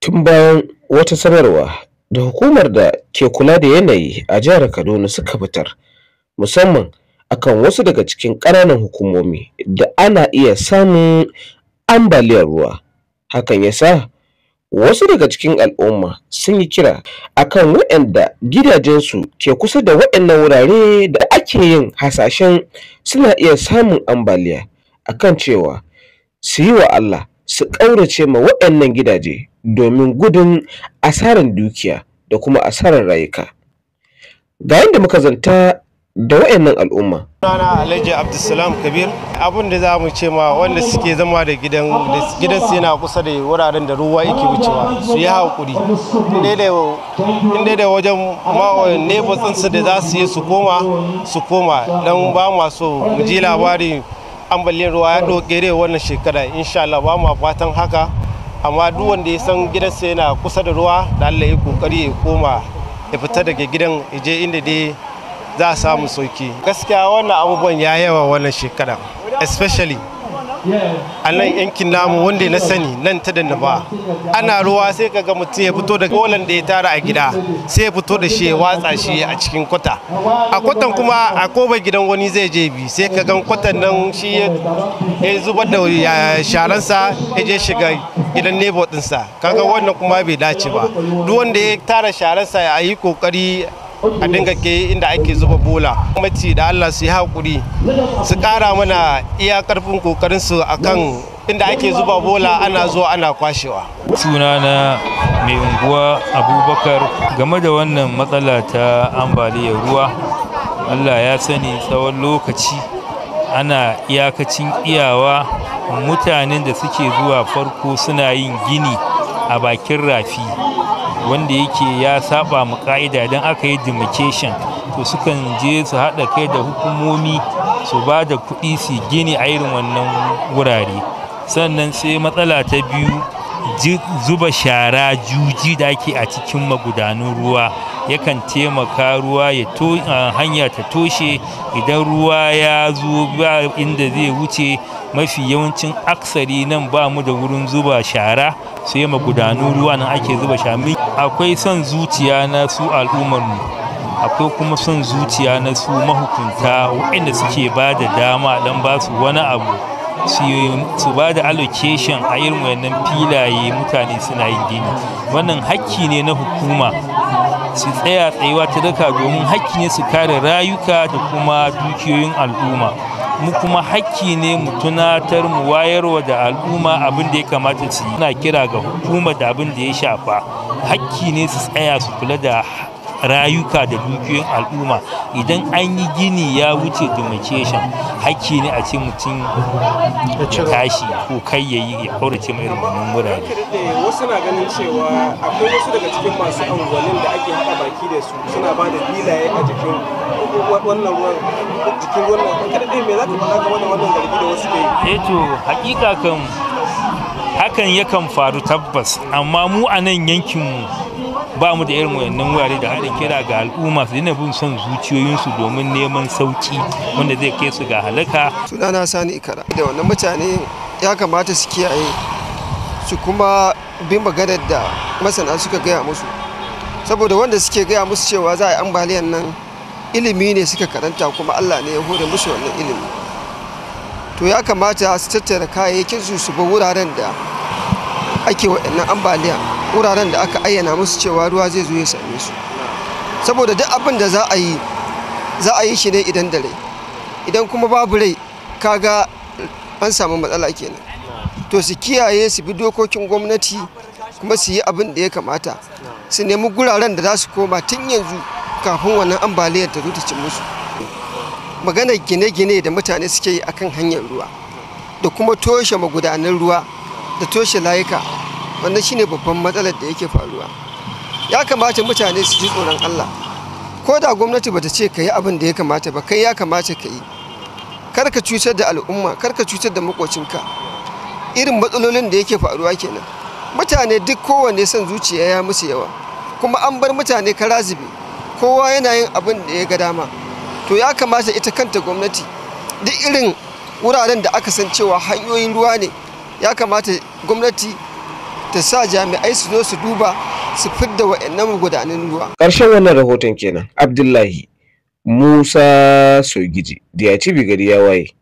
tun bayan wata sanarwa da hukumar da ke kula da yanayi a jihar Kaduna suka fitar musamman akan wasu daga cikin ƙananan hukumomi da ana iya samun ambaliyar ruwa hakan ya sa wasu daga cikin al'umma sun yi kira akan waɗanda gidajensu ke kusa da waɗannan wurare da ake yin hasashen suna iya samun ambaliya akan cewa su yi wa Allah su ƙaurace ma waɗannan gidaje domin gudun asarar dukiya da kuma asarar rayuka ga yadda muka zanta da wayannan al'umma Sunana Alhaji Abdulsalam Kabir abin da za mu ce ma wanda suke zama da gidan gidan su yana kusa da wuraren da ruwa yake wucewa su yi hakuri inda da wajen neighbors su da za su yi su koma su koma dan ba mu so mu ji labarin ambaliyar ruwa ya doke wannan shekara insha Allah ba mu fatan haka amma duk wanda ya san gidansa yana kusa da ruwa da Allah ya kokari ya koma ya fita daga gidan ya je inda dai za a samu sauki gaskiya wannan abubuwan ya yawa wannan shekara especially a nan yankin namu wanda na sani nan ta da ba ana ruwa sai ka ga mutum ya fito da bolan da ya tara a gida sai ya fito da shi ya watsa shi a cikin kwata a kwatan kuma a koba gidan wani zai je bi sai ka gan kwatan nan shi ya zubar da sharansa ya je shiga gidan nebo dinsa kaga wannan kuma bai dace ba duk wanda ya tara sharansa a yi kokari a dinga ke inda ake zuba bola ci da allah su yi haƙuri su ƙara mana iya ƙarfin ƙoƙarin su akan inda ake zuba bola ana zuwa ana kwashewa na mai unguwa abubakar game da wannan matsala ta ambaliyar ruwa allah ya sani tsawon lokaci ana iyakacin iyawa mutanen da suke zuwa farko suna yin gini a bakin rafi wanda yake ya saba mu ka'ida don aka yi demarcation to sukan je su haɗa kai da hukumomi su ba da kuɗi su gini a irin wannan wurare sannan sai matsala ta biyu zuba shara juji da ake a cikin magudanun ruwa yakan taimaka ruwa ya to hanya ta toshe idan ruwa ya zo ba inda zai wuce mafi yawancin aksari nan ba mu da wurin zuba shara sai magudanun ruwa nan ake zuba shara akwai son zuciya na su al'ummar mu akwai kuma son zuciya na su mahukunta waɗanda suke ba da dama don ba su wani abu su ba da allocation a irin wayannan filaye mutane suna yin gini wannan hakki ne na hukuma su tsaya tsayuwa ta daka domin hakki ne su kare rayuka da kuma dukiyoyin al'umma mu kuma hakki ne mu tunatar mu wayarwa da al'umma abin da ya kamata su yi na kira ga hukuma da abin da ya shafa hakki ne su tsaya su kula da rayuka da dukiyoyin al'umma idan an yi gini ya wuce demarcation hakki ne a ce mutum ya tashi ko kai ya yi ya kaurace mai irin wannan wasu na ganin cewa akwai wasu daga cikin masu anguwannin da ake haɗa baki da su suna ba da filaye a jikin wannan ruwan jikin wannan kada dai me za ka faɗa game da wannan zargi da wasu ke yi eh hakika kan hakan yakan faru tabbas amma mu a nan yankinmu ba mu da irin wayannan wurare da haɗin kira ga al'umma su dina bin son zuciyoyinsu domin neman sauki wanda zai kai su ga halaka sunana sani ikara da wannan mutane ya kamata su kiyaye su kuma bin maganar da masana suka gaya musu saboda wanda suke gaya musu cewa za a yi ambaliyan nan ilimi ne suka karanta kuma allah ne ya hore musu wannan ilimi to ya kamata su tattara kayayyakin su su wuraren da ake waɗannan ambaliya wuraren da aka ayyana musu cewa ruwa zai zo ya same su saboda duk abin da za a yi za a yi shi ne idan da rai idan kuma babu rai kaga an samu matsala kenan to su kiyaye su bi dokokin gwamnati kuma su yi abin da ya kamata su nemi guraren da za su koma tun yanzu kafin wannan ambaliyar ta zo ta cin musu maganar gine-gine da mutane suke yi akan hanyar ruwa da kuma toshe magudanan ruwa da toshe layuka wannan shine babban matsalar da yake faruwa ya kamata mutane su ji tsoron Allah ko da gwamnati bata ce ka yi abin da ya kamata ba kai ya kamata ka yi kar ka cutar da al'umma kar ka cutar da makocinka irin matsalolin da yake faruwa kenan mutane duk kowanne son zuciya ya musu yawa kuma an bar mutane karazibi kowa yana yin abin da ya ga dama to ya kamata ita kanta gwamnati duk irin wuraren da aka san cewa hanyoyin ruwa ne ya kamata gwamnati ta sa jami'ai su zo su duba su fidda wa'annan gudanin ruwa ƙarshen wannan rahoton kenan abdullahi musa sogiji da ya bigari ya waye